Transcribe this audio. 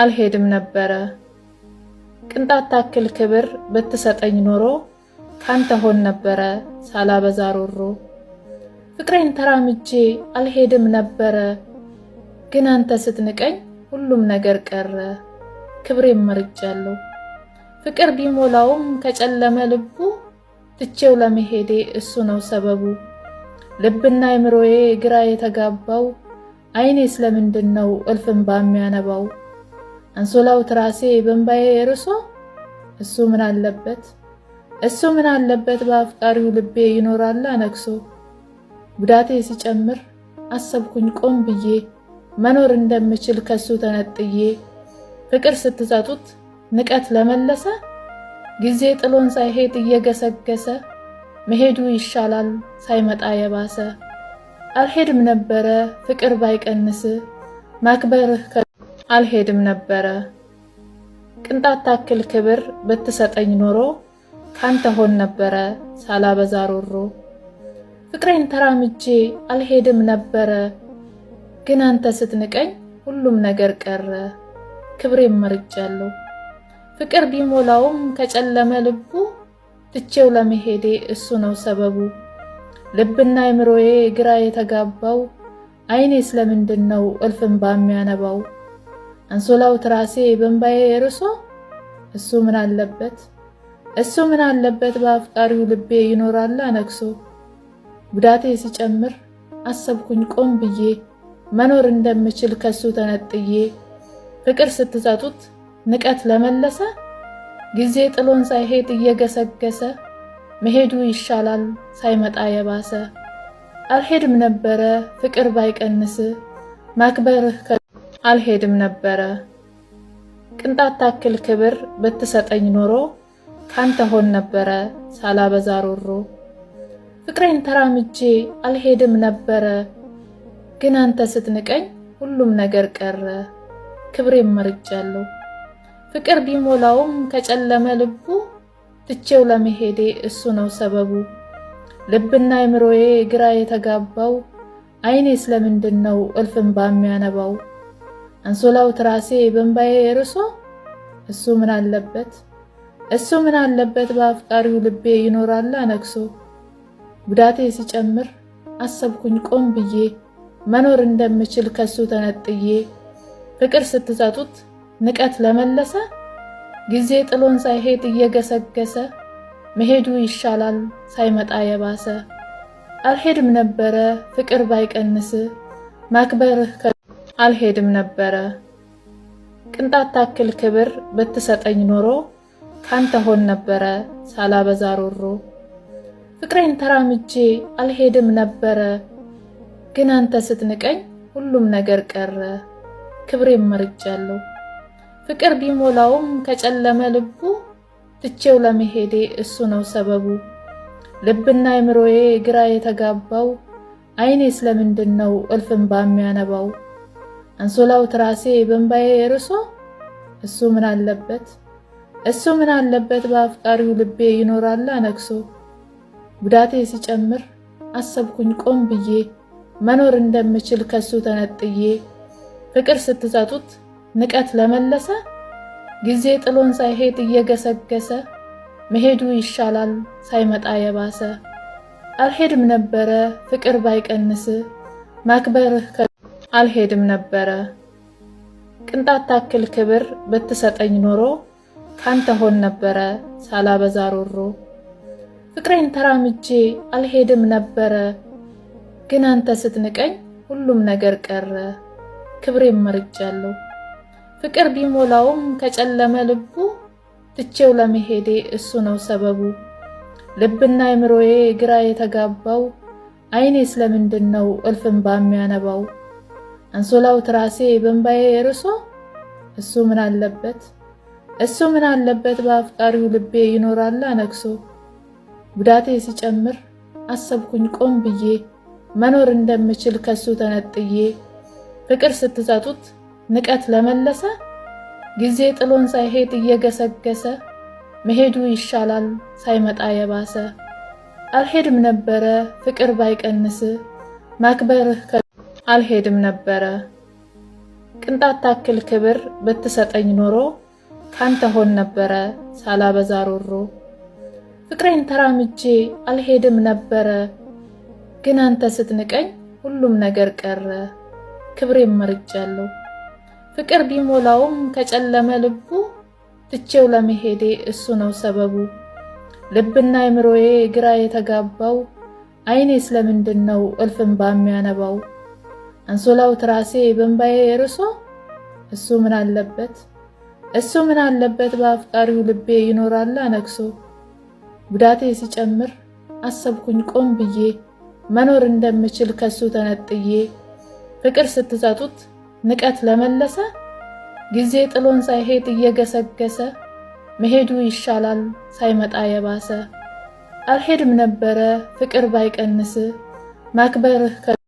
አልሄድም ነበረ። ቅንጣት ታክል ክብር ብትሰጠኝ ኖሮ ካንተ ሆን ነበረ ሳላበዛ ሮሮ። ፍቅሬን ተራምጄ አልሄድም ነበረ፣ ግን አንተ ስትንቀኝ ሁሉም ነገር ቀረ። ክብሬን መርጫለሁ ፍቅር ቢሞላውም ከጨለመ ልቡ፣ ትቼው ለመሄዴ እሱ ነው ሰበቡ። ልብና አእምሮዬ ግራ የተጋባው አይኔ ስለምንድን ነው እልፍም ባሚያነባው አንሶላው ትራሴ በእንባዬ እርሶ እሱ ምን አለበት እሱ ምን አለበት በአፍቃሪው ልቤ ይኖራል ነግሶ። ጉዳቴ ሲጨምር አሰብኩኝ ቆም ብዬ መኖር እንደምችል ከሱ ተነጥዬ። ፍቅር ስትሰጡት ንቀት ለመለሰ ጊዜ ጥሎን ሳይሄድ እየገሰገሰ መሄዱ ይሻላል ሳይመጣ የባሰ። አልሄድም ነበረ ፍቅር ባይቀንስ ማክበርህ አልሄድም ነበረ። ቅንጣት ታክል ክብር ብትሰጠኝ ኖሮ ካንተ ሆን ነበረ ሳላበዛ ሮሮ። ፍቅሬን ተራምጄ አልሄድም ነበረ፣ ግን አንተ ስትንቀኝ ሁሉም ነገር ቀረ። ክብሬን መርጫለሁ ፍቅር ቢሞላውም ከጨለመ ልቡ፣ ትቼው ለመሄዴ እሱ ነው ሰበቡ። ልብና አይምሮዬ ግራ የተጋባው አይኔ ስለምንድን ነው እልፍን ባሚያነባው አንሶላው ትራሴ በእንባዬ የርሶ እሱ ምን አለበት እሱ ምን አለበት በአፍቃሪው ልቤ ይኖራል አነግሶ። ጉዳቴ ሲጨምር አሰብኩኝ ቆም ብዬ መኖር እንደምችል ከሱ ተነጥዬ። ፍቅር ስትሰጡት ንቀት ለመለሰ ጊዜ ጥሎን ሳይሄድ እየገሰገሰ መሄዱ ይሻላል ሳይመጣ የባሰ። አልሄድም ነበረ ፍቅር ባይቀንስ ማክበርህ አልሄድም ነበረ። ቅንጣት ታክል ክብር ብትሰጠኝ ኖሮ ካንተ ሆን ነበረ ሳላበዛ ሮሮ። ፍቅሬን ተራምጄ አልሄድም ነበረ፣ ግን አንተ ስትንቀኝ ሁሉም ነገር ቀረ። ክብሬን መርጫለሁ ፍቅር ቢሞላውም ከጨለመ ልቡ፣ ትቼው ለመሄዴ እሱ ነው ሰበቡ። ልብና አይምሮዬ ግራ የተጋባው አይኔ ስለምንድን ነው እልፍን ባሚያነባው አንሶላው ትራሴ በእንባዬ ርሶ እሱ ምን አለበት እሱ ምን አለበት በአፍቃሪው ልቤ ይኖራል አነግሶ ጉዳቴ ሲጨምር አሰብኩኝ ቆም ብዬ መኖር እንደምችል ከሱ ተነጥዬ ፍቅር ስትሰጡት ንቀት ለመለሰ ጊዜ ጥሎን ሳይሄድ እየገሰገሰ መሄዱ ይሻላል ሳይመጣ የባሰ አልሄድም ነበረ ፍቅር ባይቀንስ ማክበርህ አልሄድም ነበረ። ቅንጣት ታክል ክብር ብትሰጠኝ ኖሮ ካንተ ሆን ነበረ ሳላበዛ ሮሮ። ፍቅሬን ተራምጄ አልሄድም ነበረ፣ ግን አንተ ስትንቀኝ ሁሉም ነገር ቀረ። ክብሬን መርጫለሁ ፍቅር ቢሞላውም ከጨለመ ልቡ፣ ትቼው ለመሄዴ እሱ ነው ሰበቡ። ልብና አይምሮዬ ግራ የተጋባው አይኔ ስለምንድን ነው እልፍን ባሚያነባው አንሶላው ትራሴ በእንባዬ እርሶ እሱ ምን አለበት እሱ ምን አለበት በአፍቃሪው ልቤ ይኖራል አነግሶ። ጉዳቴ ሲጨምር አሰብኩኝ ቆም ብዬ መኖር እንደምችል ከሱ ተነጥዬ። ፍቅር ስትሰጡት ንቀት ለመለሰ ጊዜ ጥሎን ሳይሄድ እየገሰገሰ መሄዱ ይሻላል ሳይመጣ የባሰ አልሄድም ነበረ ፍቅር ባይቀንስ ማክበርህ አልሄድም ነበረ። ቅንጣት ታክል ክብር ብትሰጠኝ ኖሮ ካንተ ሆን ነበረ ሳላበዛ ሮሮ። ፍቅሬን ተራምጄ አልሄድም ነበረ፣ ግን አንተ ስትንቀኝ ሁሉም ነገር ቀረ። ክብሬን መርጫለሁ ፍቅር ቢሞላውም ከጨለመ ልቡ ትቼው ለመሄዴ እሱ ነው ሰበቡ። ልብና አእምሮዬ ግራ የተጋባው አይኔ ስለምንድን ነው እልፍን ባሚያነባው አንሶላው ትራሴ በእንባዬ እርሶ እሱ ምን አለበት እሱ ምን አለበት በአፍቃሪው ልቤ ይኖራል አነግሶ ጉዳቴ ሲጨምር አሰብኩኝ ቆም ብዬ መኖር እንደምችል ከሱ ተነጥዬ ፍቅር ስትሰጡት ንቀት ለመለሰ ጊዜ ጥሎን ሳይሄድ እየገሰገሰ መሄዱ ይሻላል ሳይመጣ የባሰ አልሄድም ነበረ ፍቅር ባይቀንስ ማክበርህ አልሄድም ነበረ። ቅንጣት ታክል ክብር ብትሰጠኝ ኖሮ ካንተ ሆን ነበረ ሳላበዛ ሮሮ። ፍቅሬን ተራምጄ አልሄድም ነበረ፣ ግን አንተ ስትንቀኝ ሁሉም ነገር ቀረ። ክብሬን መርጫለሁ ፍቅር ቢሞላውም ከጨለመ ልቡ፣ ትቼው ለመሄዴ እሱ ነው ሰበቡ። ልብና አእምሮዬ ግራ የተጋባው አይኔ ስለምንድን ነው እልፍን ባሚያነባው አንሶላው ትራሴ በእንባዬ ርሶ እሱ ምን አለበት እሱ ምን አለበት በአፍቃሪው ልቤ ይኖራል ነግሶ ጉዳቴ ሲጨምር አሰብኩኝ ቆም ብዬ መኖር እንደምችል ከሱ ተነጥዬ ፍቅር ስትሰጡት ንቀት ለመለሰ ጊዜ ጥሎን ሳይሄድ እየገሰገሰ መሄዱ ይሻላል ሳይመጣ የባሰ አልሄድም ነበረ ፍቅር ባይቀንስ ማክበርህ